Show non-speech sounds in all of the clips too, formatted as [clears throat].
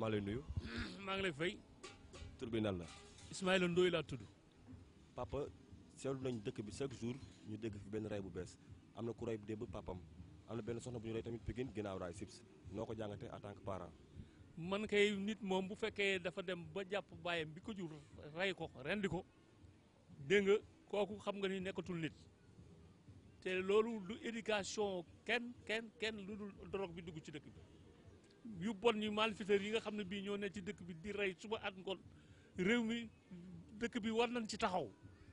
maa ngi lay [clears throat] maa ngi lay fay. tur bi nan la. Ismaïla laa tudd. papa seetlu nañ dëkk bi chaque jour ñu dégg fi benn rey bu bees am na ku bu démb papam am na benn soxna bu ñu tamit Pikine ginnaaw raay noo ko jàngatee en tant que man kay nit moom bu fekkee dafa dem ba jàpp baayam bi ko jur rey ko rendi ko dégg nga kooku xam nga ni nekkatul nit te loolu du éducation kenn kenn kenn lu dul drogue bi dugg ci dëkk bi. yu bon yi malfaiteurs yi nga xam ne bii ñoo ne ci dëkk bi di rey suba at ngoon réew mi dëkk bi war nañ ci taxaw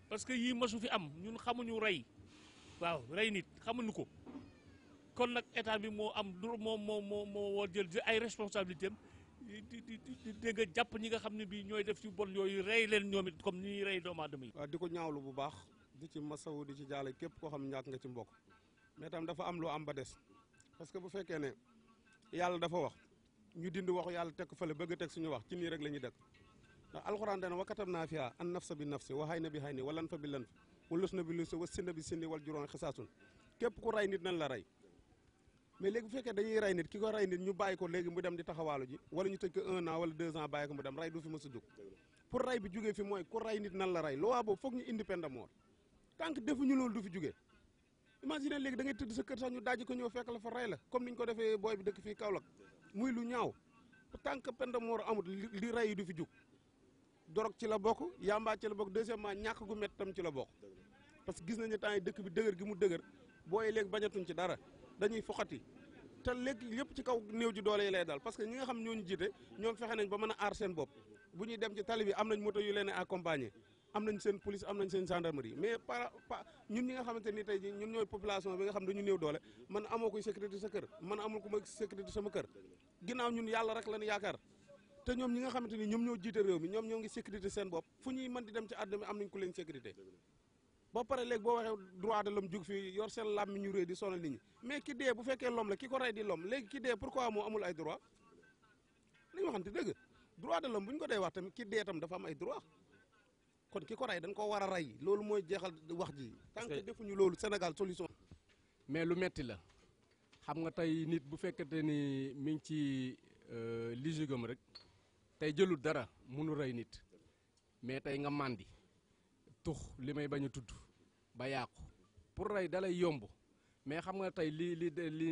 parce que yii masu fi am ñun xamuñu rey waaw rey nit xamuñu ko kon nag état bi moo am dur moom moo moo moo war jël ay responsabilité am di di di ñi nga xam ne bii ñooy def ci bon yooyu rey leen ñoom comme ni ñuy rey doomu aadama yi. waaw di ko ñaawlu bu baax di ci masawu di ci jaale képp koo xam ñàkk nga ci mbokk mais tam dafa am loo am ba des parce que bu fekkee ne yàlla dafa wax. ñu dindi waxu yàlla teg ko fële bëgg a teg suñu wax ci nii rek la ñuy dëkk ndax alxuraan dana wakkatab naa fiya an nafsa bi nafsi waxay na bi xay ni walan fa bi lan fa wa lus na bi lus wa sinna bi sinni wal képp ku rey nit nan la rey mais léegi bu fekkee dañuy rey nit ki ko rey nit ñu bàyyi ko léegi mu dem di taxawaalu ji wala ñu tëj ko un an wala deux ans bàyyi ko mu dem rey du fi mës a jóg pour rey bi jógee fi mooy ku rey nit nan la rey loi da fekk la fa rey la ko defee booy bi dëkk fii Kaolack muy lu ñaaw tant que peine de mort amut li rey yi du fi jug dorog ci la bokk yamba ci la bokk deuxièmement ñàkk gu métti ci la bokk parce que gis nañu temps yi dëkk bi dëgër gi mu dëgër booy léegi bañatuñ ci dara dañuy foxati te léegi yëpp ci kaw néew ji doole yi lay dal parce que ñi nga xam ñooñu jiite ñoom fexe nañ ba mën a aar seen bopp bu ñuy dem ci tali bi am nañ moto yu leen accompagner am nañ seen police am nañ seen gendarmerie mais pa ñun ñi nga ni tey ji ñun ñooy population bi nga xam dañu néew doole man amoo koy sécurité sa kër ginnaaw ñun yàlla rek lañu yaakaar te ñoom ñi nga xamante ni ñoom ñoo jiite réew mi ñoom ñoo ngi sécurité seen bopp fu ñuy mën di dem ci àdduna bi am nañ ku leen sécurité ba pare léegi boo waxee droit de l'homme jug fi yor seen làmmi ñu réy di sonal nit ñi mais ki dee bu fekkee l'homme la ki ko rey di l'homme léegi ki dee pourquoi moo amul ay droit nañu waxante dëgg droit de l'homme bu ñu ko dee wax tamit ki dee tam dafa am ay droit kon ki ko rey dañ ko war a rey loolu mooy jeexal wax ji tant que defuñu loolu Sénégal solution mais lu metti la xam nga tey nit bu fekkente ni mi ngi ci euh, ligigam rek tey jëlul dara munu rey nit mais tey nga màndi tux li may bañ a tudd ba yàqu pour rey dalay yomb mais xam nga tey li li li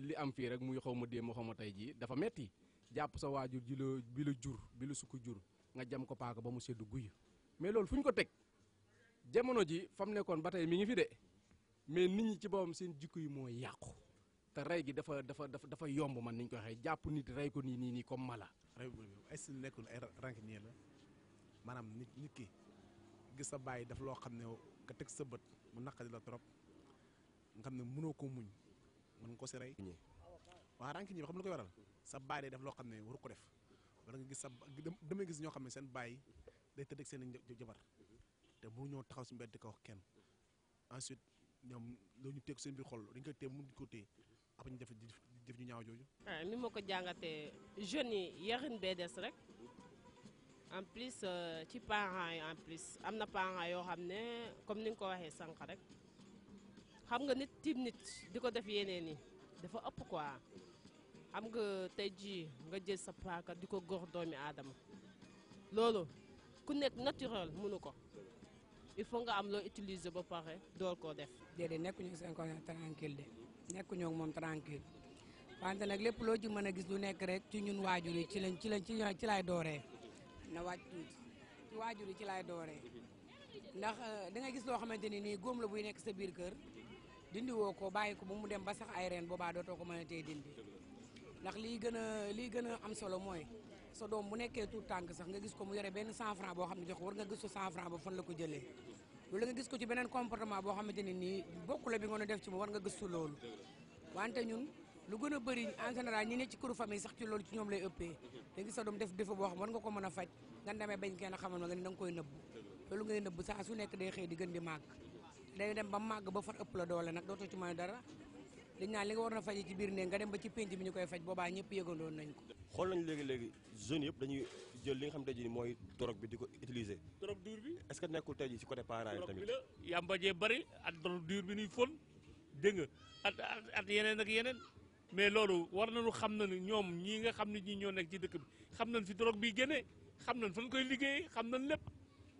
li am fii rek muy xaw ma ma xaw ma tey jii dafa metti jàpp sa waajur ji la bi jur bi la sukk jur nga jam ko paaka ba mu seddu guy mais loolu fu ñu ko teg jamono ji fam nekkoon ba tey mi ngi fi de mais nit ñi ci boppam seen jikk yi moo yàqu te rey gi dafa dafa dafa dafa yomb man ni ñu ko waxee jàpp nit rey ko nii nii nii comme mala. rey ay si nekkul ay rancunier la maanaam nit nit ki gis sa bàyyi daf loo xam ne nga teg sa bët mu naqari la trop nga xam ne mënoo ko muñ mën ko si rey. waaw rancunier bi xam lu koy waral sa bàyyi def loo xam ne waru ko def wala nga gis sa damay gis ñoo xam ne seen bàyyi day tëdd ak seen jabar te mu ñoo taxaw si mbedd di ko wax kenn ensuite ñoom loolu ñu teg seen biir xol dañ koy téye mënuñ ko téye. après ñu def def ñu ñaaw jooju. Ah, ma ko jàngatee jeunes yi yarin bee des rek en plus euh, ci parents yi am na parents yoo xam ne comme ni nga ko waxee sànq rek xam nga nit tiim nit di ko def yeneen yi dafa ëpp quoi xam nga tey jii nga jël sa paaka di ko góor doomi aadama loolu ku nekk naturel mënu ko il faut nga am loo utiliser ba pare door koo def. déedéet nekkuñu seen ko tranquille de. nekkuñoo ak moom tranquille wante nag lépp loo ci mën a gis lu nekk rek ci ñun waajur yi ci lañ ci lañ ci laay dooree na wàcc tuuti ci waajur ci laay dooree ndax euh, da nga gis loo xamante ni nii góom la buy nekk sa biir kër dindi woo ko bàyyi ko ba mu dem ba sax ay reen boobaa dootoo ko mën a tey dindi ndax lii gën a lii gën a am solo mooy sa doom bu nekkee tuut tànk sax nga gis ko mu yore benn 100 francs boo xam ne jox war nga gis ko 100 francs fan la ko jëlee loolu nga gis ko ci beneen comportement boo xamante ne nii bokku la bi nga def ci moom war nga gëstu loolu wante ñun lu gën a bëri en général ne ci këru famille sax ci loolu ci ñoom lay ëppee da gis sa doom def defa boo nga ko mën a faj nga demee ba kenn xamal ma nga ne da nga koy nëbb loolu ngay nëbb saa su nekk day xëy di gën di màgg day dem ba màgg ba far ëpp la doole nag dootoo ci mën dara dañ naan li nga war na faje ci biir ne nga dem ba ci pénc bi ñu koy faj boobaa ñëpp yëgandoon nañ ko xool nañ léegi-léegi jeunes yëpp dañuy jël li nga xam te ji mooy drogue bi di ko utiliser. drogue dure bi. est que nekkul tey ji si côté parents yi tamit. drogue bi la bari ak drogue dure bi ñuy fon dégg nga at at yeneen ak yeneen. mais loolu war nañu xam na ne ñoom ñii nga xam ne ñi ñoo nekk ci dëkk bi xam nañ fi drogue bi génnee xam nañ fan koy liggéey xam nañ lépp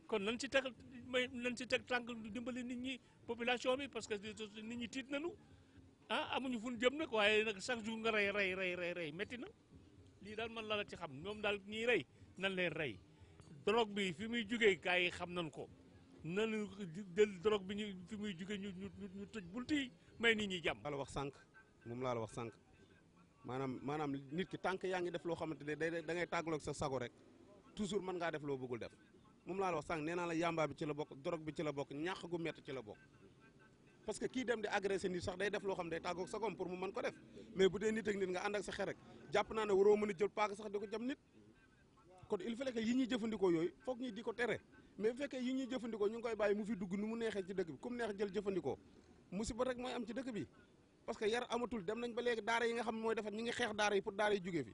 kon nañ ci teg may nañ ci teg tànk dimbali nit ñi population bi parce que nit ñi tiit nañu ah amuñu fu jëm nag waaye nag chaque jour nga rey rey rey rey rey métti na lii daal man la la ci xam ñoom daal ñiy rey nan leen rey drogue bi fi muy jugee gars yi xam nañ ko nan jël drogue bi ñu fi muy ñu ñu ñu tëj bunt yi may nit ñi jàmm. laa la wax sànq moom laa la wax sànq maanaam maanaam nit ki tànk yaa ngi def loo xamante ne day da ngay tàggaloog sa sago rek toujours mën ngaa def loo bëggul def moom laa la wax sànq nee naa la yamba bi la bokk drogue bi ci la bokk ñàq gu métti ci la bokk. parce que kii dem di agressé nit sax day def loo xam day tàggoog sa gom pour mu mën ko def mais bu dee nit ak nit nga ànd ak sa xel rek jàpp naa ne waroo mën a jël paaka sax di ko jam nit kon il fallait que yi ñuy jëfandikoo yooyu foog ñu di ko tere mais bu fekkee yi ñuy jëfandikoo ñu ngi koy bàyyi mu fi dugg nu mu neexee ci dëkk bi comme neex jël jëfandikoo musiba rek mooy am ci dëkk bi parce que yar amatul dem nañ ba léegi daara yi nga xam mooy defar ñi ngi xeex daara yi pour daara yi jógee fi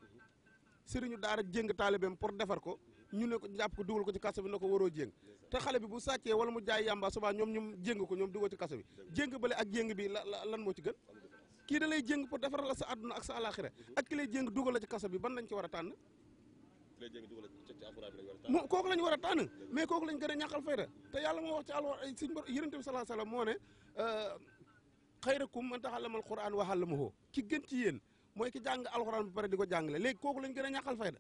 sëriñu daara jéng taalibeem pour defar ko ñu ne ko jàpp ko dugal ko ci kaso bi na ko waroo jéng te xale bi bu sàccee wala mu jaay yàmbaa subaa ñoom ñoom jéng ko ñoom dugal ci kaso bi jéng bale ak jéng bi la lan moo ci gën kii da lay jéng pour defaral sa àdduna ak sa àlaxira ak ki lay jéng dugal la ci kaso bi ban lañ ci war a tànn mu kooku lañ war a tànn mais kooku lañ gën a ñàkkal fayda te yàlla moo wax ci alwa siñ bor yërënte bi salaa salaam moo ne euh, xayrakum man taxallamal quran wa allamahu ki gën ci yéen mooy ki jàng alxuraan ba pare di ko jàngale léegi kooku lañ gën a ñàkkal fayda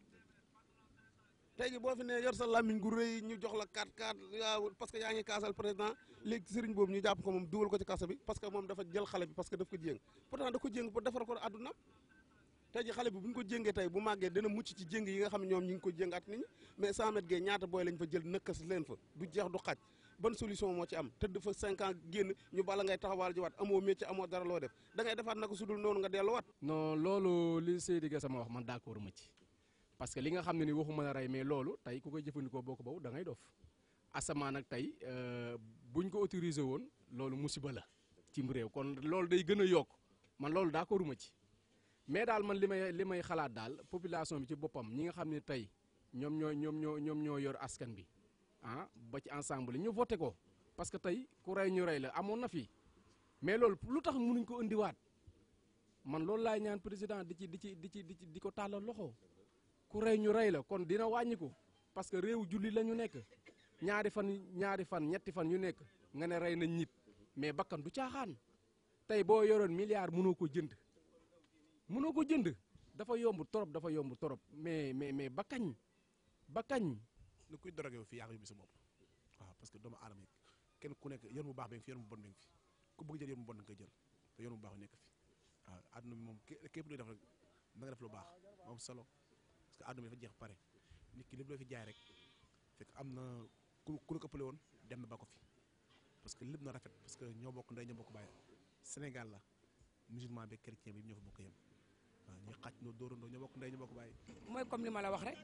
tey jii boo fi ne yor sa làmmiñ rëy ñu jox la carte carte waaw parce que yaa ngi kaasal président léegi sëriñ boobu ñu jàpp ko moom dugal ko ci kaso bi parce que moom dafa jël tey ji xale bi bu ñu ko jëngee tey bu màggee dana mucc ci jéng yi nga xam ne ñoom ñu ngi ko jéngaat nit ñi mais 100 mètres gee ñaata booy lañ fa jël nëkkas leen fa du jeex du xaj ban solution moo ci am tëdd fa 5 génn ñu bala ngay taxawaal ji waat amoo métier amoo dara loo def da ngay defaat su sudul noonu nga delluwaat. non loolu li Seydi Gassama wax man d'accord ma ci parce que li nga xam ne ni waxuma la rey mais loolu tey ku koy jëfandikoo boo ko baw da ngay ak tey euh, buñ ko autorisé woon loolu musiba la cim réew kon loolu day gën a yokk man loolu d'accorduma ci mais daal man li may li may xalaat daal population bi ci boppam ñi nga xam ne tey ñoom ñoo ñoom ñoo ñoom ñoo yor askan bi ah ba ci ensemble ñu voté ko parce que tey ku rey ñu rey la amoon na fi mais loolu lu tax mënuñ ko indiwaat man loolu laay ñaan président di ci di ci di ci di ci di ko tàllal loxo ku rey ñu rey la kon dina wàññi ko parce que réew julli la ñu nekk ñaari fan ñaari fan ñetti fan yu nekk nga ne rey nañ nit mais bakkan du caaxaan tey boo yoroon milliard mënoo ko jënd. mënoo ko jënd dafa yomb torop dafa yomb torop mais mais mais ba kañ ba kañ. ni kuy dorogee fii yaa ngi yóbbu sa bopp waaw parce que doomu aadama yi kenn ku nekk yoon bu baax bi nga fi yoon bu bi nga fi ku bëgg jël yoon bu bon nga koy bu baax bi nekk fi àdduna bi moom képp luy def rek na nga lu baax moom solo parce que àdduna bi dafa jeex pare nit ki lépp loo fi jaay rek fekk am na ku ku la ëppale woon dem na ba ko fi parce que lépp na rafet parce que ñoo bokk ndey ñoo bokk bàyyi Sénégal la musulman bi chrétien bi ñoo fa bokk yem. waaw ñuy xàcc noo dóorandoo ñoo bokk mooy comme ni ma la wax rek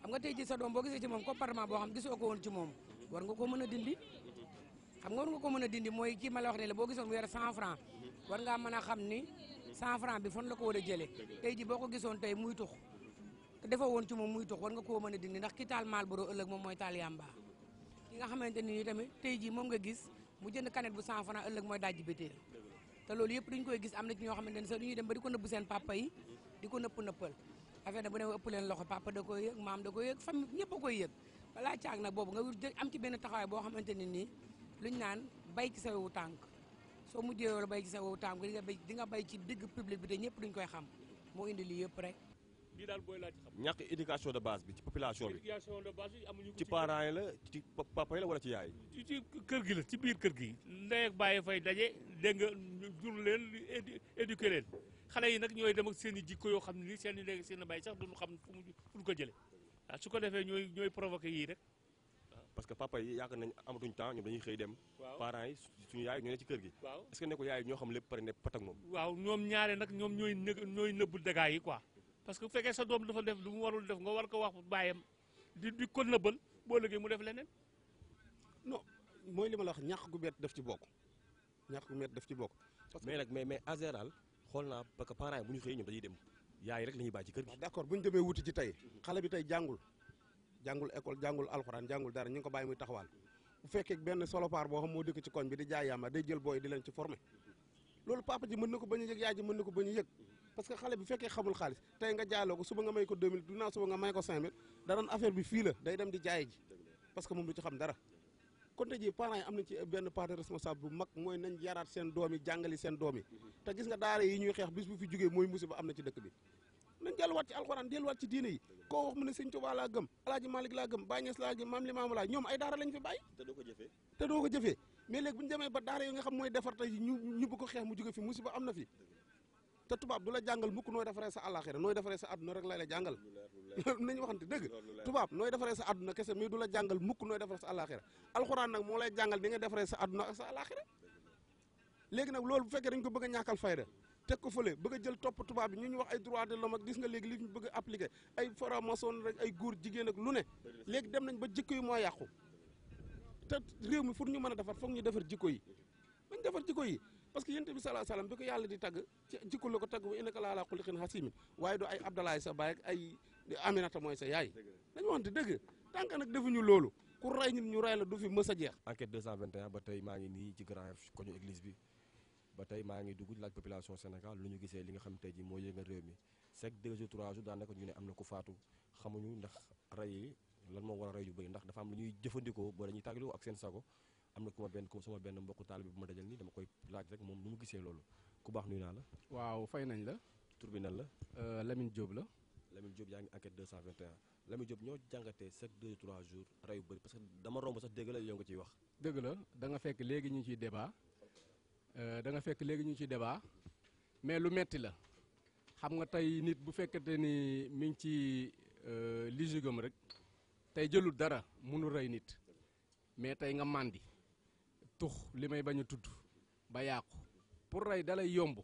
xam nga tey ji sa doom boo gisee ci moom comportement boo xam gisoo ko woon ci moom a dindi xam nga war ko mën a dindi mooy kii ma la wax ne la boo gisoon mu yore 100 francs war a xam ni 100 francs bi fan ko war a jëlee tey ji boo ko gisoon tey muy tux te defoo woon ci moom muy tux war nga koo mën a dindi ndax ki taal maal boroo ëllëg moom mooy taal yàmba ki nga xamante nii tamit tey ji moom nga gis mu jënd canette bu 100 francs ëllëg mooy dajji bitéel te loolu yëpp duñ koy gis am na ci ñoo xamante ne sax du ñuy dem ba di ko nëbb seen papa yi di ko nëpp nëppal affaire na bu ne ëpp leen loxo papa da koy yëg maam da koy yëg fam ñëpp a koy yëg balaa caag nag boobu nga am ci benn taxawaay boo xamante ne nii luñ naan bay ci sa wewu tànk soo mu mujjee wala bay ci sa wewu tànk di nga bay di nga bay ci digg public bi te ñëpp duñ koy xam moo indi lii yëpp rek lii daal booy laaj xam. ñàkk éducation de base bi ci population bi. de base bi amuñu ko ci parents yi la ci papa yi la wala ci yaay yi. ci kër gi la ci biir kër gi. ndey ak bàyyi fay dégg nga jur leen éduquer leen xale yi nag ñooy dem ak seen i jikko yoo xam ne nii seen i léegi seen i bàyyi sax xam fu mu ko jëlee waaw su ko defee ñooy ñooy provoqué yii rek. Ah, parce que papa yi yaakaar nañ amatuñ temps ñoom dañuy xëy dem. waaw parents yi suñu yaay ñoo ne ci kër gi. waaw est ce que ne ko yaay ñoo xam lépp pare ne pat moom. waaw ñoom ñaare nag ñoom ñooy ñooy nëbbu dégâts yi quoi parce que bu fekkee sa doom dafa def lu mu warul def nga war ko wax bàyyam di di ko nëbbal boo léegi mu def leneen. non mooy li ma la wax ñàkk gu métti daf ci bokk ñàkk gu métti daf ci bokk. mais nag mais mais en général xool naa parce que parents yi bu ñu xëyee ñoom dañuy dem yaay rek la ñuy bàyyi ci kër gi. bu ñu demee wuti ci tey xale bi tey jàngul jàngul école jàngul alxuraan jàngul dara ñu ngi ko bàyyi muy taxawaal bu fekkee benn solopaar boo xam moo dëkk ci koñ bi di jaay yàmba day jël booy di leen ci mën na ko bañ parce que xale bu fekkee xamul xaalis tey nga jaaloo ko suba nga may ko 2000 du naa suba nga may ko 5000 daraan affaire bi fii la day dem di jaay ji parce que moom du ci xam dara kon am nañ ci benn part de responsable bu mooy nañ yaraat seen doom yi jàngali seen doom te gis nga daara yi ñuy xeex bis bu fi jógee mooy musiba am na ci dëkk bi nañ delluwaat ci alxuraan delluwaat ci diine yi koo wax mu ne sëñ Tuubaa laa gëm alaaji Malik laa gëm Baay Ñas laa gëm maam Limaamu laa ñoom ay daara lañ fi bàyyi te doo ko jëfee te doo bu ñu demee ba daara yi nga xam mooy defar tey ñu te tubaab du la jàngal mukk nooy defaree sa àllaaxira nooy defaree sa àdduna rek lay la jàngal [laughs] nañu waxante dëgg tubaab nooy defaree sa àdduna kese mais du la jàngal mukk nooy defaree sa àllaaxira alxuraan nag moo lay jàngal ni nga defaree sa àdduna ak sa àllaaxira léegi nag loolu bu fekkee dañ ko bëgg a ñàkkal fayda teg ko fële bëgg a jël topp tubaab bi ñu ñu wax ay droit de l'homme ak nga léegi li ñu bëgg a appliqué ay franc-maçon rek ay góor jigéen ak lu ne léegi dem nañ ba jikko yi moo yàqu te réew pour ñu mën a defar foog ñu defar jikko yi nañ defar jikko yi parce que yonent bi salaa salaam bi ko yàlla di tagg ci jikko la ko tagg bu waaye du ay Abdalaay sa baay ay Aminata mooy sa yaay dañu wante dëgg tant nag defuñu loolu ku rey ñu rey la du fi mës a jeex enquête 221 ba tey maa ngi nii ci Grand Yoff koñu église bi ba tey maa ngi dugg laaj population Sénégal lu ñu gisee li nga xam tey ji moo yëngal réew mi chaque deux jours trois jours daanaka ñu ne am na ku faatu xamuñu ndax rey yi lan moo war a rey yu bëri ndax dafa am lu ñuy jëfandikoo ba dañuy tàggalikoo ak seen sago am na ku ma benn ku sama benn mbokku taalibe bu ma dajal nii dama koy laaj rek moom nu mu gisee loolu ku baax nuyu naa la. waaw fay nañ la. tur bi nan la. Euh, Lamine Diop la. Lamine Diop yaa ngi enquête 221 Lamine Diop ñoo jàngatee chaque 2 3 jours rey yu bëri parce que dama romb sax dégg la yow nga ciy wax. dëgg la da nga fekk léegi ñu ciy débat euh, da nga fekk léegi ñu ciy débat mais lu metti la xam nga tey nit bu fekkente ni mi ngi ci euh, ligigam rek tey jëlul dara mënul rey nit mais tey nga màndi. tux li may bañ a tudd ba yàqu pour rey dalay yomb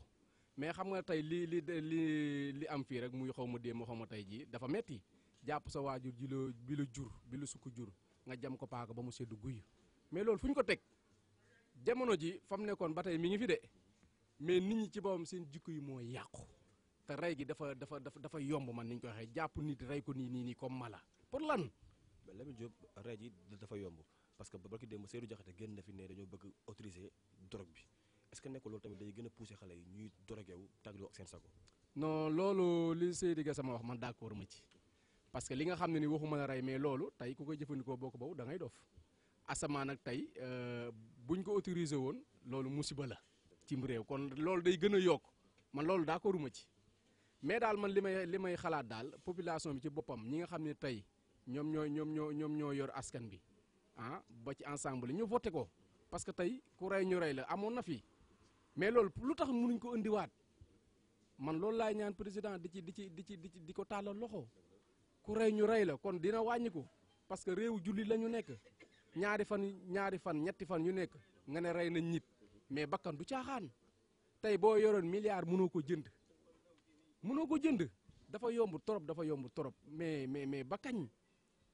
mais xam nga tey li li li li am fii rek muy xaw ma démb xaw ma tey jii dafa metti jàpp sa waajur ji la bi la jur bi la sukk jur nga jam ko paaka ba mu seddu guy mais loolu fu ñu ko teg jamono ji fa mu nekkoon ba tey mi ngi fi de mais nit ñi ci boppam seen jikko yi moo yàqu te rey gi dafa dafa dafa yomb man ni ñu ko waxee jàpp nit rey ko nii nii nii comme mala pour lan. Lamine Diop rey ji dafa yomb. parce que barki démb Seydou Diakhaté génn na fi ne dañoo bëgg autoriser drogue bi est que nekkul loolu tamit day gën a pousser xale yi ñuy drogué wu tàggatoo ak seen sago. non loolu li Seydou Gassama wax man d'accord ma ci parce que li nga xam ne ni waxuma la rey mais loolu tey ku koy jëfandikoo boo ko baw da ngay dof asamaan ak tey euh, buñ ko autorisé woon loolu musiba la cim réew kon loolu day gën a yokk man loolu d'accord ma ci mais daal man li may li may xalaat daal population bi ci boppam ñi nga xam ne tey ñoom ñoo ñoom ñoo ñoom ñoo yor askan bi. ah ba ci ensemble ñu voté ko parce que tey ku rey ñu rey la amoon na fii mais loolu lu tax munuñ ko indiwaat man loolu laay ñaan président di ci di ci di ci di ci di ko tàllal loxo ku rey ñu rey la kon dina wàññiku parce que réew julli lañu nekk ñaari fan ñaari fan ñetti fan yu nekk nga ne rey nañ nit mais bakkan du caaxaan tey boo yoroon milliard munoo ko jënd mënoo ko jënd dafa yomb trop dafa yomb trop mais mais mais bakkañ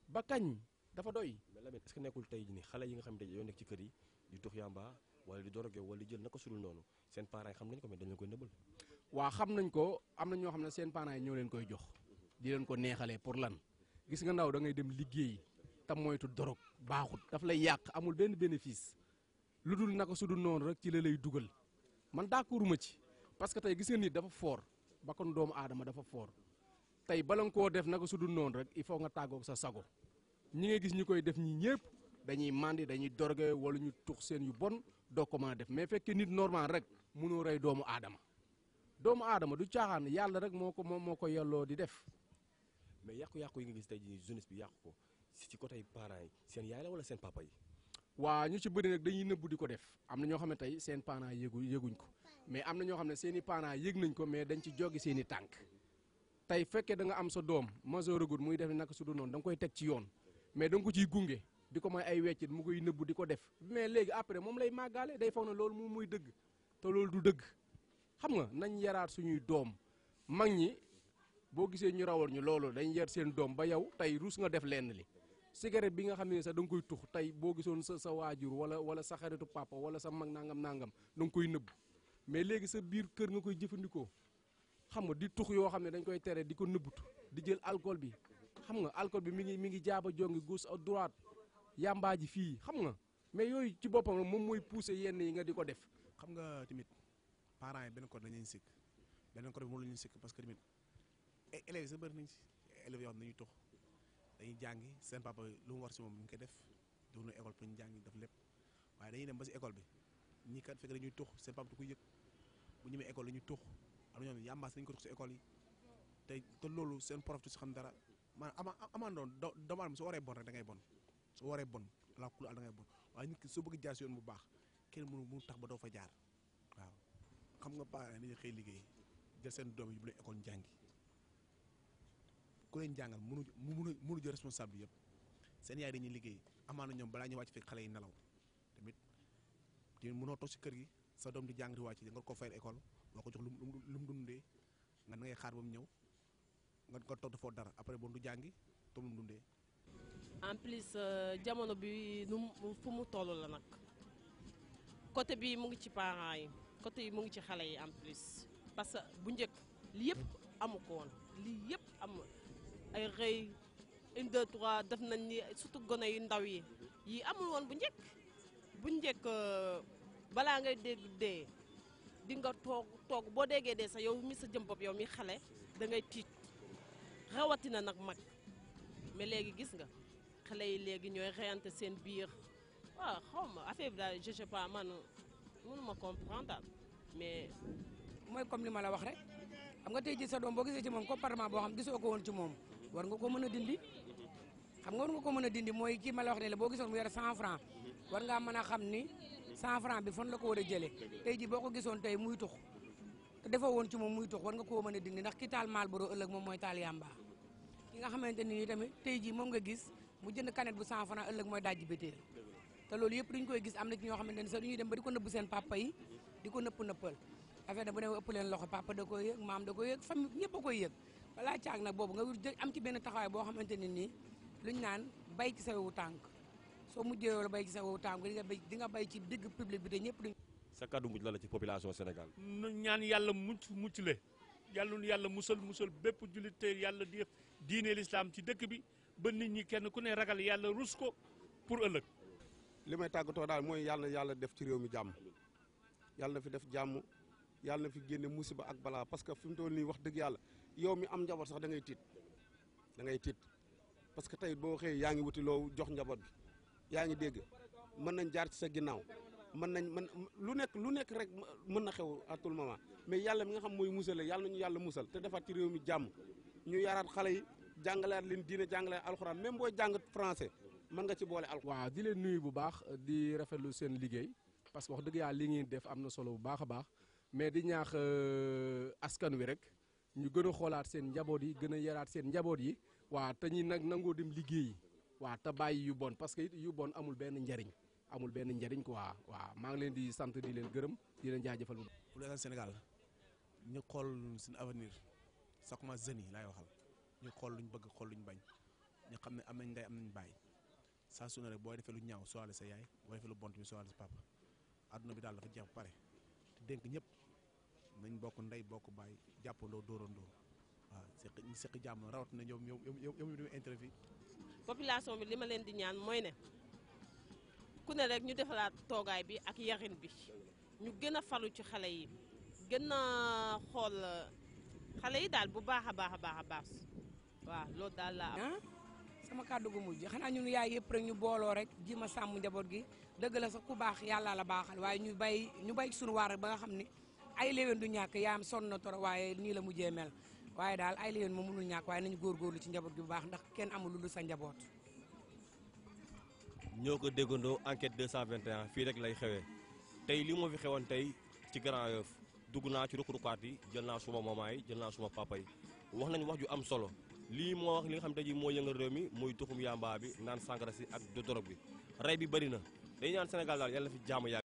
bakkañ dafa doy. Lamine ce que nekkul tey jii nii xale yi nga xam ne dañoo nekk ci kër yi di tux yamba wala di doroge wala di jël naka sulul noonu seen parents yi xam nañ ko mais dañ leen koy nëbbal waa xam nañ ko am na ñoo xam ne seen parents yi ñoo leen koy jox di leen ko neexalee pour lan gis nga ndaw dangay ngay dem liggéey tam moytu dorog baaxut daf lay yàq amul benn bénéfice lu dul naka su dul noonu rek ci la lay dugal man d'accord ma ci parce que tey gis nga nit dafa foor kon doomu aadama dafa foor tey bala koo def naka su dul noonu rek il faut nga tàggoog sa sago ñi nga gis ñu koy def ñi ñëpp dañuy màndi dañuy dorge wala ñu tux seen yu bon doo ko man a def mais fekkee nit normal rek mënoo rey doomu aadama doomu aadama du caaxaan yàlla rek moo ko moom moo ko yelloo di def. mais yàqu-yàqu yi nga gis tey jii jeunesse bi yàqu ko ci côté parent yi seen yaay la wala seen papa yi. waa ñu ci bëri nag dañuy nëbbu di ko def am na ñoo xam ne tey seen parent yëgu yëguñ ko mais am na ñoo xam ne seen i parents yëg nañ ko mais dañ ci joggi seen tànk tey fekkee da nga am sa doom majeur muy def naka su dul noonu da nga koy teg ci yoon. mais danga ko ciy gunge di ko mooy ay weccit mu koy nëbbu di ko def mais léegi après moom lay màggaale day foog na loolu moom muy dëgg te loolu du dëgg xam nga nañ yaraat suñuy doom mag ñi boo gisee ñu rawal ñu loolu dañ yar seen doom ba yow tey ruus nga def lenn li cigarette bi nga xam ne sax da nga koy tux tey boo gisoon sa sa waajur wala wala sa xaritu papa wala sa mag nangam nangam da nga koy nëbb mais léegi sa biir kër nga koy jëfandikoo xam nga di tux yoo xam ne dañ koy tere di ko nëbbut di jël alcool bi xam nga alcool bi mi ngi mi ngi jaaba jongi gauche à droite yàmbaa ji fii xam nga mais yooyu ci boppam moom mooy pousser yenn yi nga di ko def. xam nga tamit parents yi benn côté dañuy sikk benn côté moom la ñuy sikk parce que tamit ay e-, élèves yi sa bëri nañ ci élèves yoo xam ne dañuy tox seen papa lu mu war si moom mu ngi koy def dugg na école pour ñu jàngi def lépp waaye dañuy dem ba école bi ñi kat fekk dañuy tox seen papa du ko yëg bu ñëmee école dañuy tox am na ñoo xam ne yàmbaa si dañu ko tox si école yi te te loolu seen prof du si xam dara. maanaam ama amandoon doomu aadama su waree bon rek da bon su waree bon ala kul al da ngay bon waaye nit ki soo bëgg jaar si yoon bu baax kenn mënu mënu tax ba doo fa jaar waaw xam nga parents dañuy xëy liggéey jël seen doom yi bu leen école jàngal mënu mënu mënu jël responsable bi yëpp seen yaay dañuy liggéey amaana ñoom balaa ñu wàcc fekk xale yi nelaw tamit te mënoo toog si kër gi sa doom di jàng di wàcc nga ko fayal école boo ko jox lu mu lu mu dundee nga na ngay xaar ba ñëw nga nga tontu foo dara après bon du jàngi tom lu mu dundee. en plus euh, jamono bi nu fu mu toll la nag côté bi mu ngi ci parents yi côté yi mu ngi ci xale yi en plus parce que bu njëkk li yëpp amu ko woon lii yëpp am ay rëy une deux def nañ ni surtout gone yu ndaw yi yi amul woon bu njëkk bu njëkk euh, balaa ngay dégg dee di nga toog toog boo déggee dee sax yow mi sa jëm bopp yow mi xale da ngay tiit rawatina nag mag mais léegi gis nga xale yi léegi ñooy reyante seen biir waaw xaw ma affaire bi daal je sais pas man mënuma comprendre daal mais. mooy comme li ma la wax rek xam nga tey jii sa doom boo gisee ci moom comportement boo xam gisoo ko woon ci moom war nga ko mën a dindi. xam nga war nga ko mën a dindi mooy kii mala la wax ne la boo gisoon mu yore 100 francs war ngaa mën a xam ni 100 francs bi fan la ko war a jëlee tey jii boo ko gisoon tey muy te woon ci moom muy tox war nga koo mën a dindi ndax ki taal Malboro ëllëg moom mooy taal yamba ki nga xamante ni tamit tey jii moom nga gis mu jënd canette bu 100 francs ëllëg mooy dajji béteel te loolu yëpp duñ koy gis am na ci ñoo xamante ni sax du ñuy dem ba di ko nëbb seen papa yi di ko nëpp nëppal affaire leen loxo papa da koy yëg maam da koy yëg famille ñëpp a koy yëg balaa am ci benn taxawaay boo xamante ne nii luñ naan bay ci sa wu tànk soo mujjee wala bay ci sa wewu tànk di nga bay nga bay ci digg public bi te ñëpp duñ sa kàddu mujj la la ci population Sénégal. nu ñaan yàlla mucc mucc le yàlla yàlla musal musal bépp jullit te yàlla di def diine lislaam ci dëkk bi ba nit ñi kenn ku ne ragal yàlla rus ko pour ëllëg. li may tàggatoo daal mooy yàlla na yàlla def ci réew mi jàmm yàlla na fi def jàmm yàlla na fi génne musiba ak balaa parce que fi mu toll nii wax dëgg yàlla yow mi am njaboot sax da ngay tiit da ngay tiit parce que tey boo xëyee yaa ngi wuti loo jox njaboot bi yaa ngi dégg mën nañ jaar ci sa ginnaaw. mën nañ mën lu nekk lu nekk rek mën na xew à tout mais yàlla mi nga xam mooy musale yàlla nañu yàlla musal te defaat ci réew mi jàmm ñu yaraat xale yi jàngalaat leen diine jàngalaat alxuraan même booy jàng français mën ci boole alxuraan. waaw di leen nuyu bu baax di rafetlu seen liggéey parce que wax dëgg yàlla li ngeen def am na solo bu baax baax mais di ñaax euh, askan wi rek ñu gën a xoolaat seen njaboot yi gën a yaraat seen njaboot yi waa te ñi nag nangoo dem liggéeyi waa te bàyyi yu bon parce que yu bon amul benn njariñ amul benn njariñ quoi waa maa ngi leen di sant di leen gërëm di leen jaajëfal bu baax. Sénégal ñu xool suñu avenir sa ma jeunes yi laay waxal ñu xool luñ bëgg xool luñ bañ ñu xam ne am nañ ndey am nañ bàyyi sa su ne boo defee lu ñaaw soo sa yaay boo defee lu bont bi soo aale sa papa adduna bi daal dafa jeex ba pare te dénk ñëpp nañ bokk ndey bokk bàyyi jàppandoo dóorandoo waaw seq seq jàmm rawatina ñoom yow yow yow yow interview population bi li ku ne rek ñu defalaat toogaay bi ak yaxin bi ñu gën a falu ci xale yi gën a xool xale yi daal bu baax a baax a baax a baax waaw loolu daal laa am. Ah, sama kàddu gu mujj xanaa ñun yaay yëpp rek ñu booloo rek ji ma sàmm njaboot gi dëgg la sax ku baax yàlla la baaxal waaye ñu bay ñu bay suñu waar rek ba nga xam ne ay léwén du ñàkk yaam sonn na trop waaye nii la mujjee mel waaye daal ay léwén moom mënul ñàkk waaye nañu góorlu ci njaboot gi baax ndax kenn amul lu sa njaboot. ñoo ko déggandoo enquête 221 fii rek lay xewee tey li moo fi xewoon tey ci Grand dugg naa ci ruq-ruqaat yi jël naa suma mama yi jël naa suma papa yi wax nañ wax ju am solo lii moo wax li nga xam te ji moo yëngal réew mi muy tuxum yamba bi naan sangara si ak du dorog bi rey bi bëri na dañu naan Sénégal daal yàlla fi jaamu yàgg